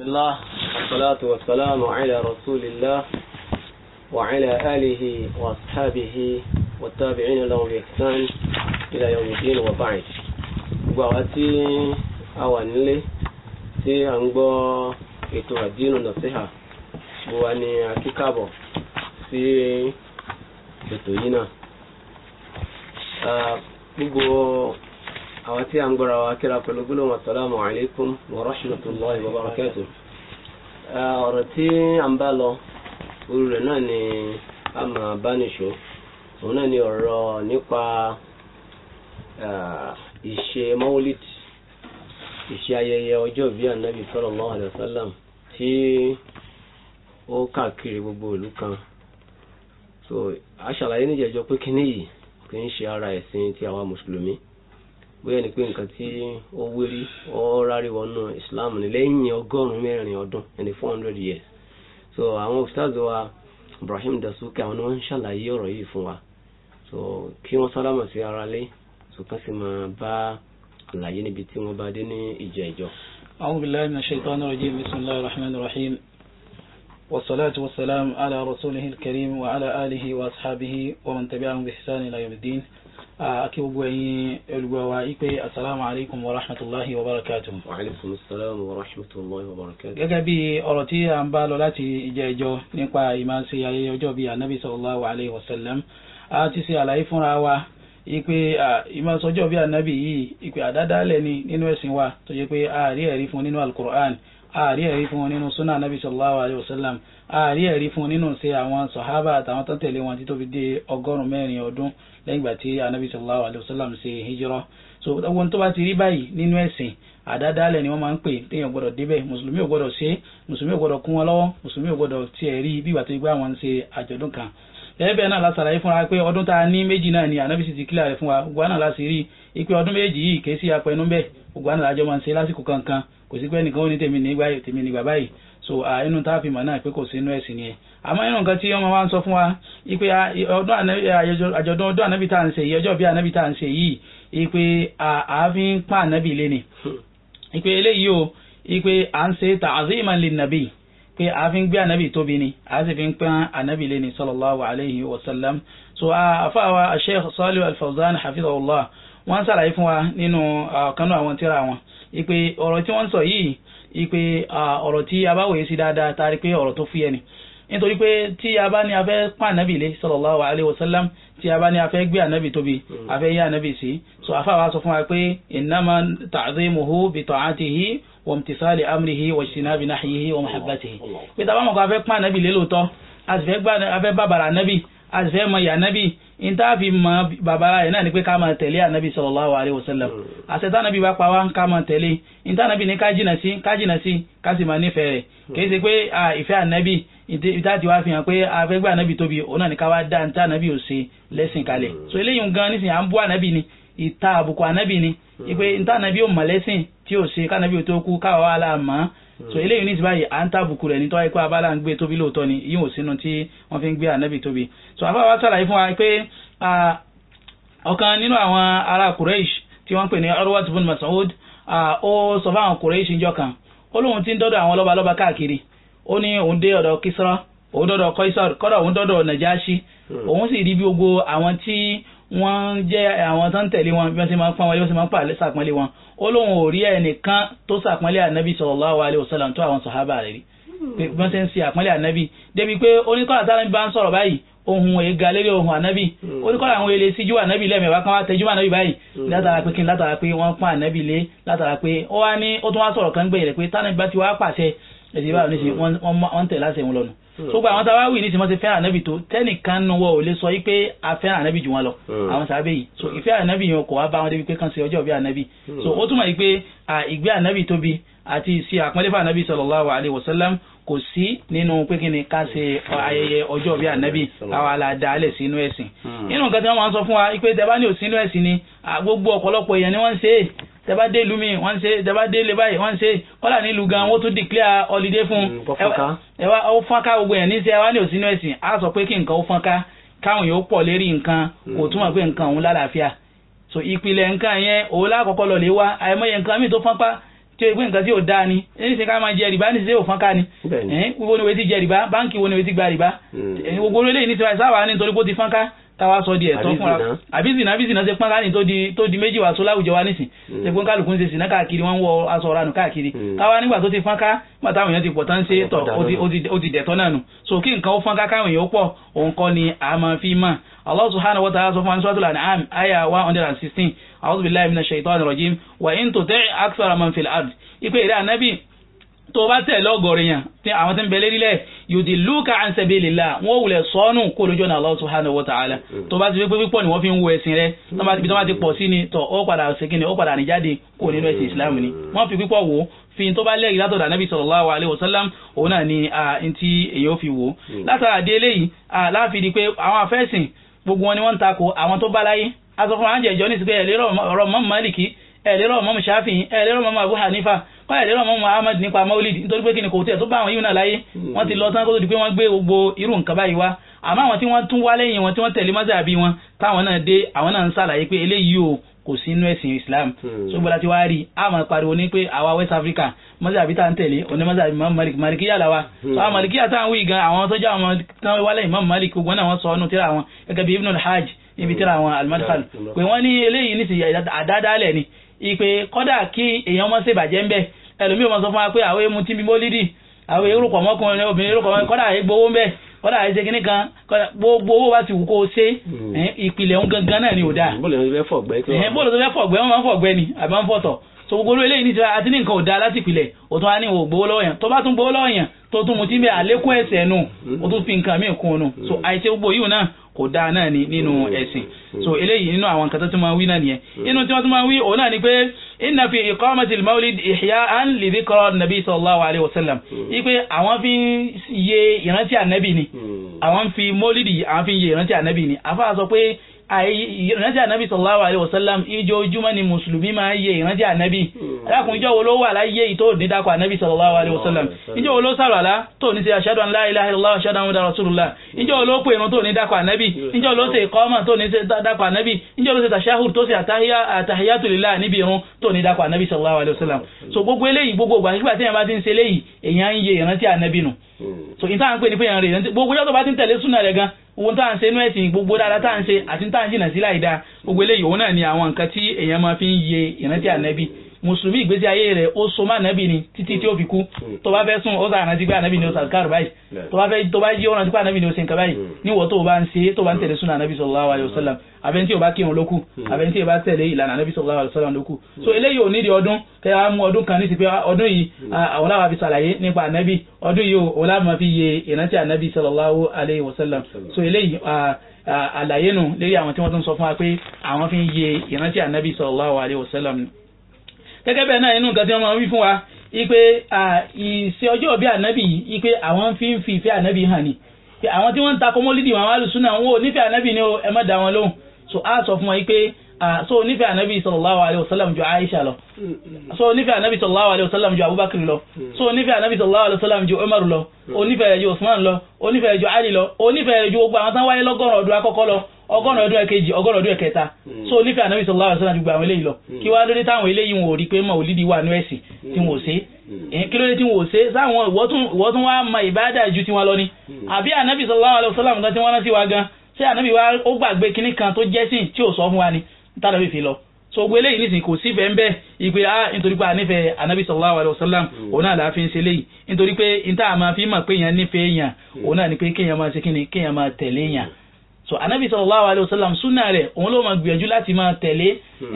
بسم الله والصلاة والسلام على رسول الله وعلى آله وأصحابه والتابعين لهم بإحسان إلى يوم الدين وبعد وأتي أوان لي تي أنبو ètò àdínú nàṣíhà mo wà ní akíkàbọ̀ sí àwọn tí a ń gbọ́ra wa kíra pẹ̀lú gbólóhùn asalaamu alaykum wa rahmatulahi wa barakatu. ọ̀rọ̀ tí a ń bá lọ orí rẹ̀ náà ni a máa bá nìṣó òun náà ni ọ̀rọ̀ nípa ìṣe mawulid ìṣe ayẹyẹ ọjọ́ ìbí ànábì sallallahu alayhi wa sallam tí ó káàkiri gbogbo ìlú kan so a níjẹ̀jọ́ pé kíní yìí kì í ṣe ara ẹ̀sìn ti àwa mùsùlùmí bóyá ni pé nǹkan tí ó wérí ó rárí wọnú islam ní lẹ́yìn ọgọ́rùn-ún mẹ́rin ọdún ẹni four hundred years so àwọn ustaz wa ibrahim dasuki àwọn ni wọ́n ń ṣàlàyé ọ̀rọ̀ yìí fún wa so kí wọ́n sálámà sí ara lé so kán sì máa bá àlàyé níbi tí wọ́n bá dé ní ìjọ ìjọ. a'udhu billahi minash shaitani rajim bismillahir rahmanir rahim والصلاة والسلام على رسوله الكريم وعلى آله وأصحابه ومن تبعهم بإحسان إلى يوم الدين akí gbogbo ẹ̀yin olùgbọ́ wa ipe asalaamu alaykum wa rahmatulahi wa barakatu. wa alaykum salaam wa rahmatulahi wa barakatu. gẹ́gẹ́ bí ọ̀rọ̀ tí a ń bá lọ láti ìjẹ́ ẹjọ́ nípa ìmáṣe ayẹyẹ ọjọ́ bíi anabi sallallahu alayhi wa sallam a ti ṣe àlàyé fúnra wa ipe ìmáṣe ọjọ́ bíi anabi yìí ipe àdádálẹ̀ ni nínú ẹ̀sìn wa tó yẹ pé a rí ẹ̀rí fún nínú alukur'an ààrí ẹ̀rí fún wọn nínú súnà nàbí sallallahu alayhi wa sallam ààrí ẹ̀rí fún wọn nínú ṣe àwọn sọ̀hábà àtàwọn tó tẹ̀lé wọn títí fi dé ọgọ́rùn-ún mẹ́rin ọdún lẹ́yìn ìgbà tí anabi sallallahu alayhi wa sallam ṣe hijira so ohun tó bá ti rí báyìí nínú ẹ̀sìn àdádálẹ̀ ni wọ́n máa ń pè téèyàn gbọ́dọ̀ débẹ̀ mùsùlùmí ò gbọ́dọ̀ ṣe mùsùlùmí ò gbọ́dọ̀ kún wọn lọ́wọ́ mùsùlùmí ò gbọ́dọ̀ tiẹ̀ rí bí ìgbà tó gbá wọn ṣe àjọ̀dún kan ẹ̀ẹ́bẹ̀ náà lásàlàyé fúnra pé ọdún tá a ní méjì náà ni ànábì sì ti kílà rẹ̀ fún wa gbogbo àná láti rí i pé ọdún méjì yìí kèé sí apẹnú bẹ́ẹ̀ gbogbo àná lájọ máa ń ṣe lásìkò kankan kò sí pé ẹnìkan ó ní tèmi nígbà yìí tèmi nígbà báyìí so inú tá a fi mọ̀ náà pé kò sí inú ẹ̀sìn nìyẹn àmọ́ inú nǹkan tí ọmọ wa ń sọ fún wa ipe ọdún àjọ̀dún ọdún ànábì tá à ń ṣe yìí ọjọ́ bí ànábì tá à ń ṣe yìí ipe àáfin pa ànábì lé ni ipe eléyìí o ipe à ń ṣe ta'ziman lin nabi pé a fi ń gbé ànábì tóbi ni a sì fi ń pín ànábì lé ni sallallahu alayhi wa sallam so àfàwà sheikh Salih al-Fawzan hafizahullah wọ́n ṣàlàyé fún wa nínú ọ̀kanú àwọn tíra wọn ipe ọ̀rọ̀ tí wọ́n ń sọ yìí ipe ọ̀rọ̀ tí a bá wòye sí dáadáa tá a rí pé ọ̀rọ̀ tó fúyẹ́ ni nítorí pé tí a bá ní a fẹ́ pa ànábì lé sallallahu alaihi wasallam tí a bá ní a fẹ́ gbé ànábì tóbi a fẹ́ yé ànábì sí so àfa wa sọ fún wa pé innama ta'dhimuhu bi ta'atihi wa imtisali amrihi wa ijtinabi nahyihi wa mahabbatihi pé tá a bá mọ̀ kó a fẹ́ pa ànábì lé lóòótọ́ a sì fẹ́ bàbàrà ànábì a sì fẹ́ mọ ìyá nábì in tá a fi mọ bàbá rẹ̀ náà ni pé ká máa tẹ̀lé ànábì sallallahu alaihi wasallam hmm. àṣẹ tánábì bá pa wá ká máa tẹ̀lé in tánábì ní ká jìnà sí ká jìnà sí ká sì máa nífẹ̀ẹ́ rẹ̀ hmm. kì í ṣe pé ìfẹ́ ànábì ìta ti wá fi hàn pé afẹ́gbẹ́ ànábì tóbi òun náà ni ká wá dá ní tánábì ò ṣe lẹ́sìn kalẹ̀ hmm. so eléyìí gan nísìnyí à ń bú ànábì ni ìta àbùkù ànábì ni ìpè ní tánábì ò mọ̀ lẹ́sìn tí ò ṣe kánábì ò tó kú káwa wà láàmú so eléyìí ní ìsibáyìí à ń tàbùkù rẹ̀ ní tọ́wá ikú abala ń gbé tóbi lóòótọ́ ni yíò sínú tí wọ́n fi ń gbé ànábì tóbi so àfa wa sàlàyé fún wa pé ọ̀kan nínú àwọn ará Quraysh tí wọ́n ń pè ní Urwat ibn Mas'ud ó sọ fáwọn Quraysh njọ́ kan ó lóun ti ń dọ́dọ̀ àwọn lọ́ba lọ́ba káàkiri ó ní òun dé ọ̀dọ̀ Kisra òun dọ́dọ̀ Qaisar kọ́dọ̀ òun dọ́dọ̀ Najashi hmm. òun sì rí bí gbogbo àwọn tí wọ́n jẹ́ àwọn tó ń tẹ̀lé wọn bí wọ́n ṣe máa ń pọ́n wọn bí wọ́n ṣe máa ń pàlẹ́ sàpọ́nlé wọn ó lóun ò rí ẹnìkan tó sàpọ́nlé ànábì sallallahu alaihi wasallam tó àwọn sàhábà rẹ̀ rí bí wọ́n ṣe ń ṣe àpọ́nlé ànábì débi pé oníkọ́lá tá bá ń sọ̀rọ̀ báyìí ohun èga lérí ohun ànábì hmm. oníkọ́lá àwọn èlé síjú ànábì lẹ́mẹ̀wá kan wá tẹjú ànábì báyìí hmm. látara pé kí n látara pé wọ́n pọ́n ànábì lé látara pé ó wá ní ó tún wá sọ̀rọ̀ kan gbẹ̀yìn rẹ̀ pé tánàbí bá ti wá pàṣẹ ẹ̀sìn báwo ni ṣe hmm. wọ́n tẹ̀ láti ẹ̀wọ̀n lọ́nu tó gba àwọn táwa wì ní sinmi ṣe fẹ́ràn ànábì tó tẹ́nìkan nu wọ́ ò lè sọ yìí pé a fẹ́ràn ànábì jù wọn lọ hmm. àwọn sàbẹ̀ yìí so ìfẹ́ ànábì yẹn kò wá bá wọn débi pé kàn ṣe ọjọ́ bí ànábì hmm. so ó túmọ̀ yìí pé ìgbé ànábì tóbi àti ìṣe àpọ́nlé fún ànábì sallallahu alaihi wasallam kò sí nínú pé ni ká ṣe ayẹyẹ ọjọ́ bí ànábì káwa la da alẹ̀ sínú ẹ̀sìn nínú nǹkan tí wọ́n máa ń sọ fún wa pé tẹ ní òsínú ẹ̀sìn ni gbogbo ọ̀pọ̀lọpọ̀ èèyàn ni wọ́n ń ṣe é tẹ́bá dé ìlú mi wọ́n ń ṣe tẹ́bá dé ilé báyìí wọ́n ṣe kọ́là nílùú gan wọ́n tún declare holiday fún un mm, ẹ wá ó fọ́nká gbogbo yẹn níṣẹ́ wá ní òsínú ẹ̀sìn á sọ pé kí nǹkan ó fọ́nká káwọn yóò pọ̀ lérí nǹkan kò mm. túmọ̀ pé nǹkan òun lálàáfíà so ìpìlẹ̀ nǹkan yẹn òun lákọ̀ọ́kọ́ lọ lè wá àìmọye nǹkan míì tó fọ́nká tí o gbé nǹkan tí o dáa ni níṣẹ́ ká máa jẹ rìbá níṣẹ́ ò fọ́n ká ni wo ni wo ti jẹ rìbá báńkì wo ni wo ti gba rìbá mm. gbogbo eléyìí níṣẹ́ wáyé sáwà ní nítorí pé ti fọ́n ká táwa sọ di ẹ̀tọ́ fúnra àbí zina àbí zina ṣe pọ́n káàní tó di méjì wá sọ láwùjọ wa nísìn hmm. ṣe pé kálukú ń ṣe zina káàkiri wọ́n ń wọ aṣọ ọ̀ranù káàkiri hmm. káwa nígbà tó ti fọ́n ká nígbà táwọn èèyàn ti pọ̀ tán ṣe tọ̀ ó ti dẹ̀tọ́ náà nù so kí nǹkan ó fọ́n ká káwọn èèyàn ó pọ̀ òun kọ́ ni a máa fi mọ̀ Allah subhanahu wa ta'ala sọ fún Suratul An'am aya one hundred and sixteen a'udhu billahi minash shaitanir rajim wa in tuti' akthara man fil ard ipe ìrẹ́ ànábì tó bá tẹ̀ lọ́gọ̀rin yàn tí àwọn tí ń bẹ̀lẹ̀ rílẹ̀ yudilluka an sabilillah wọ́n wulẹ̀ sọ́nù kó lójú ọ̀nà Allah subhanahu wa ta'ala mm. tó bá ti fi pípọ̀ ni wọ́n fi ń wo ẹ̀sìn rẹ̀ tó bá ti pọ̀ sí ni tọ̀ ó padà ṣèkínni ó padà níjáde kó nínú ẹ̀sìn Islam ni mm. wọ́n fi pípọ̀ wò fi tó bá lẹ́yìn látọ̀dà nábì sallallahu alaihi wasallam òun náà ni ntí èyí ó fi wò mm. látara àdé eléyìí láàfin di pé àwọn afẹ́sìn gbogbo wọn ni wọ́n ń takò àwọn tó ẹ lérò mọ́mù ṣáfì ẹ lérò mọ́mù abu hanifa kọ́ ẹ lérò mọ́mù ahmed nípa maulid nítorí pé kí ni kò tẹ̀ tó bá àwọn yìí náà láyé hmm. wọ́n ti lọ tán kó tó di pé wọ́n gbé gbogbo irú nǹkan báyìí wá àmọ́ àwọn tí wọ́n tún wá lẹ́yìn wọn tí wọ́n tẹ̀lé mọ́sàbí wọn táwọn náà dé àwọn náà ń ṣàlàyé pé eléyìí o kò sí inú ẹ̀sìn islam hmm. ṣùgbọ́n láti wá rí i a pariwo ní pé àwa west africa mọ́sàbí tá à ń tẹ̀lé òní mọ́sàbí mọ́ malik malikiya làwa hmm. àwọn malikiya tá à ń wí gan àwọn tó jẹ́ àwọn tán wálẹ̀ ìmọ̀ malik gbogbo náà wọ́n sọ ọ́nù tíra wọn gẹ́gẹ́ bí ibn al-hajj ibi tíra wọn al-madkhal pé wọ́n ní eléyìí ní ti àdádálẹ̀ ni ìpè kọ́dà kí èèyàn mọ́ ṣe bàjẹ́ ń bẹ̀ ẹlòmíì mọ́ sọ fún wa pé àwọn èèmù tí bímọ lídì àwọn èrúkọ̀ mọ́kùnrin obìnrin èrúkọ̀ mọ́kùnrin kọ́dà gbowó ń bẹ̀ kọ́dà ṣe kínní kan gbogbo owó wa ti wù kó o ṣe mm. ìpìlẹ̀ ń gangan náà ni ò dáa bóòlù tó fẹ́ fọ̀gbẹ́ wọn máa ń fọ̀gbẹ́ ni àbí wọ́n fọ̀tọ̀ so gbogbo olú eléyìí níta àti ní nǹkan ò da láti ìpìlẹ̀ o tún wá ní ìwò gbowó lọ́wọ́ yẹn tó bá tún gbowó lọ́wọ́ yẹn tó tún mu tí ń bẹ àlékún ẹ̀sẹ̀ nù o tún fi nǹkan míì kún un nù so mm. àìṣe gbogbo yìí náà kò dáa náà ni nínú mm. ẹ̀sìn mm. so eléyìí nínú àwọn nǹkan tó ti máa wí náà nìyẹn inú tí wọ́n ti máa wí òun náà ni pé inna fi iqamati al-mawlid ihya'an li dhikra nabi sallallahu alayhi wa sallam ipe àwọn fi ń ye ìrántí ànábì ni àwọn fi mawlid àwọn fi ń ye ìrántí ànábì ni àfa sọ pé ìrántí ànábì sallallahu alaihi wasallam ìjọjúmọ́ ni mùsùlùmí máa ń yẹ ìrántí ànábì alákùn hmm. ìjọ wo ló wà láyé ìtò nídàkọ̀ ànábì sallallahu alaihi wasallam ìjọ wo ló sàrọ̀lá tó ní sí ashhadu an la ilaha illallah ashhadu anna muhammadan rasulullah ìjọ wo ló pè irun tó nídàkọ̀ ànábì ìjọ ló ṣe ìkọ́mọ̀ tó ní dàkọ̀ ànábì ìjọ ló ṣe tashahhud tó ṣe àtàhíyàtù lillah níbi irun tó nídàkọ̀ ànábì sallallahu alaihi wasallam so gbogbo eléyìí gbogbo ìgbà nígbà tí èèyàn bá ti ń ṣe hmm. so ìta à ń pè ní pé èèyàn rè gbogbo yàtọ̀ owó tá à ń ṣe inú ẹ̀sìn gbogbo dáadáa tá à ń ṣe àti tá à ń jìnà sí láìda gbogbo eléyìí òun náà ni àwọn nǹkan tí èèyàn máa fi ń ye ìrántí ànábì mùsùlùmí ìgbésí ayé rẹ̀ ó so má nàbì ni títí tí ó fi kú mm. tó bá fẹ́ sùn ó sàn àrántí pé ànábì ni ó sàkárù báyìí tó bá fẹ́ tó bá yí ó rántí pé ànábì ni ó ṣe nǹkan báyìí mm. níwọ̀ tó bá ń ṣe tó bá ń mm. tẹ̀lé súnà ànábì sallallahu alaihi wasallam àbẹ́ni tí ò bá kírun ló kù àbẹ́ni tí ò bá tẹ̀lé ìlànà ànábì sallallahu alaihi wasallam ló so eléyìí ò ní di ọdún kẹ́ wá mú ọdún kan ní ti pé ọdún yìí àwọn àwọn àfi ṣàlàyé nípa ànábì ọdún yìí ò láàmú fi yẹ ìrántí ànábì sallallahu alaihi wasallam so eléyìí àlàyé nù lórí àwọn tí wọ́n tún sọ fún wa pé àwọn fi ń yẹ ìrántí ànábì sallallahu alaihi wasallam gẹ́gẹ́ bẹ́ẹ̀ náà inú nǹkan tí wọ́n máa ń wí fún wa ipe ìṣe ọjọ́ òbí ànábì yìí ipe àwọn fi ń fi ìfẹ́ ànábì hàn ni àwọn tí wọ́n ń ta kọ́mọ́lídì wọn wá lùsùn náà wọn ò nífẹ̀ẹ́ ànábì ni ẹ má dá wọn lóhùn so a sọ fún wọn ipe Ah, so nífẹ̀ẹ́ anabi sallallahu alayhi wa sallam ju aisha lọ mm, mm. so nífẹ̀ẹ́ anabi sallallahu alayhi wa sallam ju abubakar lọ mm. so nífẹ̀ẹ́ anabi sallallahu alayhi wa sallam ju umar lọ onífẹ̀ẹ́ ju usman lọ onífẹ̀ẹ́ ju ali lọ onífẹ̀ẹ́ ju gbogbo àwọn tán wáyé lọ́gọ́rùn ọdún àkọ́kọ́ lọ ọgọ́rùn ọdún ẹ̀kejì ọgọ́rùn ọdún ẹ̀kẹta so nífẹ̀ẹ́ anabi sallallahu alayhi wa sallam ju gbogbo àwọn eléyìí lọ kí wá lóde táwọn eléyìí wọn ò rí pé màwùlídìí wà nú ẹ̀sìn tí wọn ò ṣe ma ìbádà ju tiwọn lọ ni àbí sallallahu alaihi wasallam gan tí wọ́n rán sí wa wa ó gbàgbé kinní kan tó jẹ́sìn tí nítorí àbí fi lọ so gbogbo eléyìí nísìnyí kò sí bẹ́ẹ̀ bẹ́ẹ̀ ìpè á ah, nítorí pé a nífẹ̀ẹ́ anabi sallallahu alayhi wa sallam mm. òun náà làá fi ń ṣe léyìí nítorí pé níta àmà fi mọ̀ pé èèyàn nífẹ̀ẹ́ èèyàn mm. òun náà ni pé kéèyàn máa ṣe kíni kéèyàn máa tẹ̀lé èèyàn so anabi sallallahu alayhi wa sallam sunna rẹ̀ òun ló máa gbìyànjú láti máa tẹ̀lé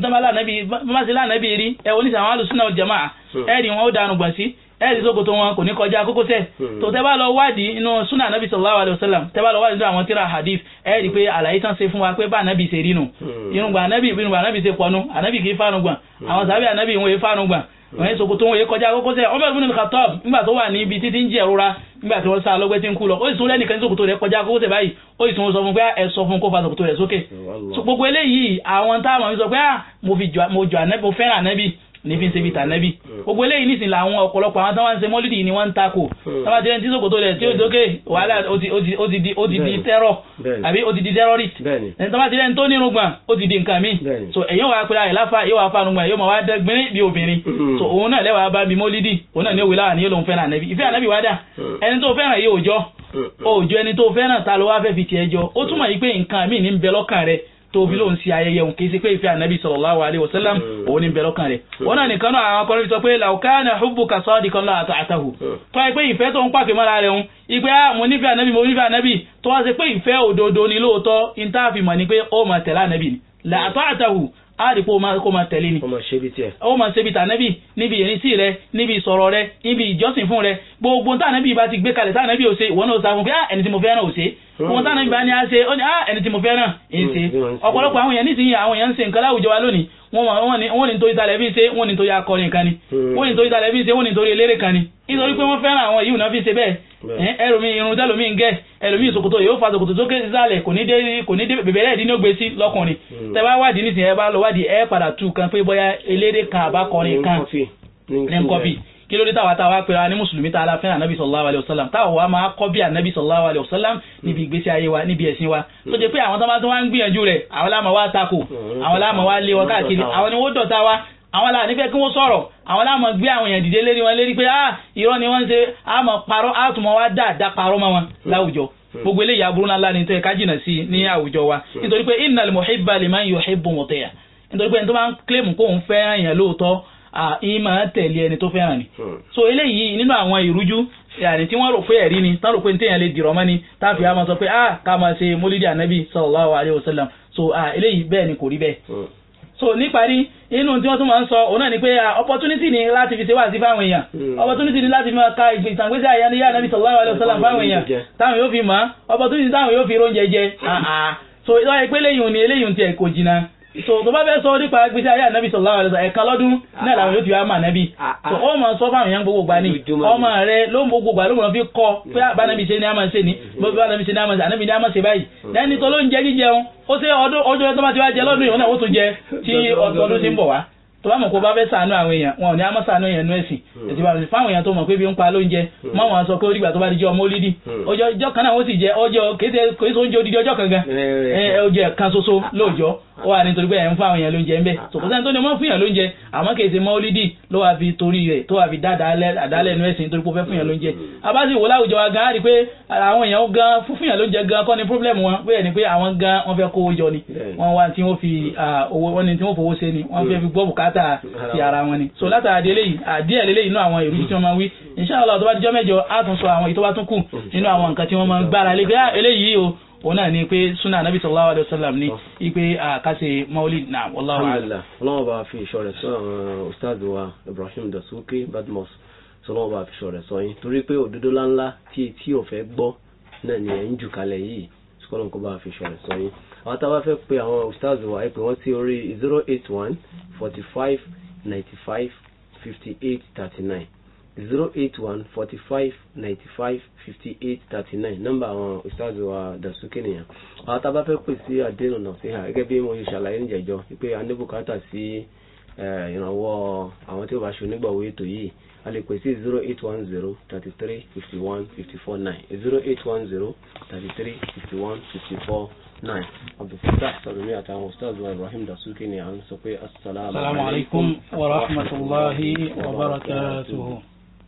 ntọ́mọ́lá anabi bámasílá anabi rí ẹ wọ́n ní sàwọn alùsùnà jama'a hmm. ẹ rí wọn ó dànù gbà sí ẹ rí sókòtò wọn kò ní kọjá kókósẹ̀ tó hmm. tẹ́ bá lọ wádìí inú sunna anabi sallallahu alayhi wa sallam tẹ́ bá lọ wádìí inú àwọn tíra hadith ẹ rí pé àlàyé tán ṣe fún wa pé bá anabi ṣe rí nu hmm. irungba anabi irungba anabi ṣe pọnu anabi kì í fánu gbọ̀n àwọn sàbẹ̀ anabi ìwọ̀n ọ̀yẹ́ sokoto wọn yé kọjá kókósẹ̀ Umar ibn al-Khattab nígbà tó wà ní ibi títí ń jẹ́ ìrora nígbà tí wọ́n sá lọ́gbẹ́ tí ń kú lọ ó sì tún lẹ́nìkan ní sokoto rẹ̀ kọjá kókósẹ̀ báyìí ó sì tún sọ fún pé ah, ẹ sọ fún kó fa sokoto rẹ̀ sókè gbogbo eléyìí àwọn táwọn sọ pé ah, mo fẹ́ràn ànẹ́bí ní fi ń ṣe bíi tànẹ́bì gbogbo eléyìí nísìnyí làwọn ọ̀pọ̀lọpọ̀ àwọn tó wá ń ṣe mọ́lídì ni wọ́n ń takò tábà hmm. tí ẹni tí sòkòtò rẹ̀ tí ó dókè wàhálà ó ti di tẹ́rọ̀ àbí ó ti di terrorist ẹni tábà tí ẹni tó nírun gbọ̀n ó ti di nǹkan míì so ẹ̀yìn wàá pera ẹ̀ láfa yóò wàá fanú gbọ̀n yóò máa wá dẹ́gbẹ́rín bí obìnrin hmm. so òun náà lẹ́wàá bá mi mọ́lídì òun náà hmm. ní tó fi lóun ṣe ayẹyẹ òun kìí ṣe pé ìfẹ́ ànábì sallallahu alaihi wasallam hmm. òun ní bẹ̀rẹ̀ kan rẹ̀ hmm. wọn náà nìkan náà àwọn akọrin sọ pé law kana hubbuka sadiqan la ata'tahu hmm. tó yẹ pé ìfẹ́ tó ń pàfẹ́ mọ́ra rẹ̀ òun ìpè á ah, mo nífẹ̀ẹ́ ànábì mo nífẹ̀ẹ́ ànábì tó wá ṣe pé ìfẹ́ òdodo ni lóòótọ́ ìntàfimọ̀ ni pé ó máa tẹ̀lé ànábì ni la ata'tahu ààrí pé ó máa tẹ̀lé ni. ó máa ṣe bí tiẹ̀. ó máa ṣe bí tànẹ́bì níbi ìrìnsí rẹ níbi ìsọ̀rọ̀ rẹ níbi ìjọsìn fún rẹ gbogbo tànẹ́bì bá ti gbé kalẹ̀ tànẹ́bì ò ṣe ìwọ náà sá fún pé ah, ẹni tí mo fẹ́ ò ṣe wọn hmm. táwọn ìgbà anya a ṣe ó ní ah, ẹni tí mo fẹ́ràn ń ṣe hmm, hmm. ọ̀pọ̀lọpọ̀ àwọn èèyàn nísìnyí àwọn èèyàn ń ṣe nǹkan láwùjọ wa lónìí wọ́n ní nítorí talẹ̀ fi ṣe wọ́n ní nítorí akọrin kan ni wọ́n ní nítorí talẹ̀ fi ṣe wọ́n ní nítorí eléré kan ni nítorí pé wọ́n fẹ́ràn àwọn yìí náà fi ṣe bẹ́ẹ̀ ẹlòmíì irun ń fa sókè kò ní dé kò ní dé ó gbé sí bá wádìí nísìnyí ẹ bá lọ wádìí ẹ padà kan pé bóyá kí ló dé táwa táwa pera ní mùsùlùmí tá a la fẹ́ràn anabi sallallahu alayhi wa sallam táwa wa máa kọ́ bí anabi sallallahu alayhi wa sallam níbi ìgbésí ayé wa níbi ẹ̀sìn wa tó jẹ́ pé àwọn tó máa tó wá ń gbìyànjú rẹ̀ àwọn láàmà wá takò àwọn láàmà wá lé wọn káàkiri àwọn ni wọ́n dọ̀tá wa àwọn làní fẹ́ kí wọ́n sọ̀rọ̀ àwọn láàmà gbé àwọn èèyàn dìde lérí wọn lérí pé ah irọ́ ni wọ́n ń ṣe àmọ́ parọ́ àtùmọ̀ wá dáadáa parọ́ mọ́ wọn láwùjọ gbogbo eléyìí aburú ńlá ni tó yẹ ká jìnnà sí ní àwùjọ wa nítorí pé innal muhibba liman yuhibbu mutiya nítorí pé ẹni tó máa ń kílèmù kóun fẹ́ràn èèyàn lóòótọ́ ìmọ̀ tẹ̀lé ẹni tó fẹ́ràn ni. Hmm. so eléyìí nínú àwọn ìrújú yàrá tí wọ́n rò pé ẹ̀rí ni tán rò pé téèyàn lè dìrọ̀ mọ́ ni táàfin àmọ́ sọ pé ah ká máa ṣe mólídì ànábì sallallahu alayhi wa sallam so eléyìí bẹ́ẹ̀ ni kò rí bẹ́ẹ̀. Hmm. so níparí inú tí wọ́n tún máa ń sọ òun náà ni pé opportunity ni láti fi ṣe hmm. fáwọn èèyàn opportunity ni láti fi máa ka àyànníyà fáwọn èèyàn táwọn yóò so tó bá fẹ́ sọ nípa gbèsè ayé ànábì sọ̀rọ̀ láwọn ẹ̀sán ẹ̀ka lọ́dún ah, náà làwọn yóò ti wá ànábì ah, ah, so ó sọ fáwọn èèyàn gbogbo gba ni ọmọ rẹ ló ń gbogbo gba ló mọ̀ fi kọ́ pé mm. bánábì ṣe ní ni ṣe ní mm. bọ́bí bánábì ṣe ní àmà ṣe ànábì ní àmà ṣe báyìí lẹ́ni mm. tó ló ń jẹ jíjẹun ó ṣe ọdún ọjọ́ tó bá ti wá jẹ lọ́dún ìwọ́n ó tún jẹ tí ọdún ti ń bọ̀ wá tó bá mọ̀ kó bá fẹ́ sànú àwọn èèyàn wọn ò ní sànú èèyàn nú ẹ̀sìn ẹ̀sìn bá èèyàn tó mọ̀ pé ó wà nítorí pé ẹ̀ ń fún àwọn èèyàn lóúnjẹ ń bẹ̀ sòkòtà ẹni tó ní ọmọ fún èèyàn lóúnjẹ àmọ́ kì í ṣe mọ́lídì ló wà fi torí rẹ̀ tó wà fi dá àdálẹ̀ nu ẹ̀sìn nítorí pé ó fẹ́ fún èèyàn lóúnjẹ abáṣe ìwò láwùjọ wa gan á rí i pé àwọn èèyàn gan fún fún èèyàn lóúnjẹ gan kọ́ ni pírọ́blẹ̀mù wọn bẹ́ẹ̀ ni pé àwọn gan wọ́n fẹ́ kó jọ ni wọ́n wá tí wọ́n fi owó wọ́n ni tí wọ́n fowó ṣe ni wọ́n fẹ́ fi gbọ́ bùkátà ti ara wọn ni so látàdé òun náà ni pé sunna anabi sallallahu alayhi wa sallam ni ipe àkàṣe maulid na wallahu ala. ọlọ́wọ́ bá fi ìṣọ́ so sọ àwọn ustaz wa ibrahim dasuki badmus sọlọ́wọ́ bá fi ìṣọ́ rẹ̀ sọ yín torí pé òdodo láńlá tí etí ò fẹ́ gbọ́ náà ni ẹ̀ ń jù kalẹ̀ yìí sọlọ́wọ́ kó bá fi ìṣọ́ rẹ̀ sọ yín. àwọn táwa fẹ́ pe àwọn ustaz wa ẹ pè wọ́n sí orí zero eight one forty five ninety five fifty eight thirty nine. 081 45 95 58 39 nọ́mbà àwọn ìsáàzù wa dàsókè nìyẹn àwọn tá a bá fẹ́ pè sí àdéhùn náà sí ha gẹ́gẹ́ bí mo ṣe ṣàlàyé níjẹ̀jọ́ pé a ní bùkátà sí ìrànwọ́ àwọn tí ó bá ṣe onígbàwó ètò yìí a lè pè sí 0810 33 51 54 9 0810 33 51 54 9 abdulfatah salomi àtàwọn ustaz wa ibrahim dasuki ni à ń sọ pé asalaamu wa rahmatulahi wa barakatuhu.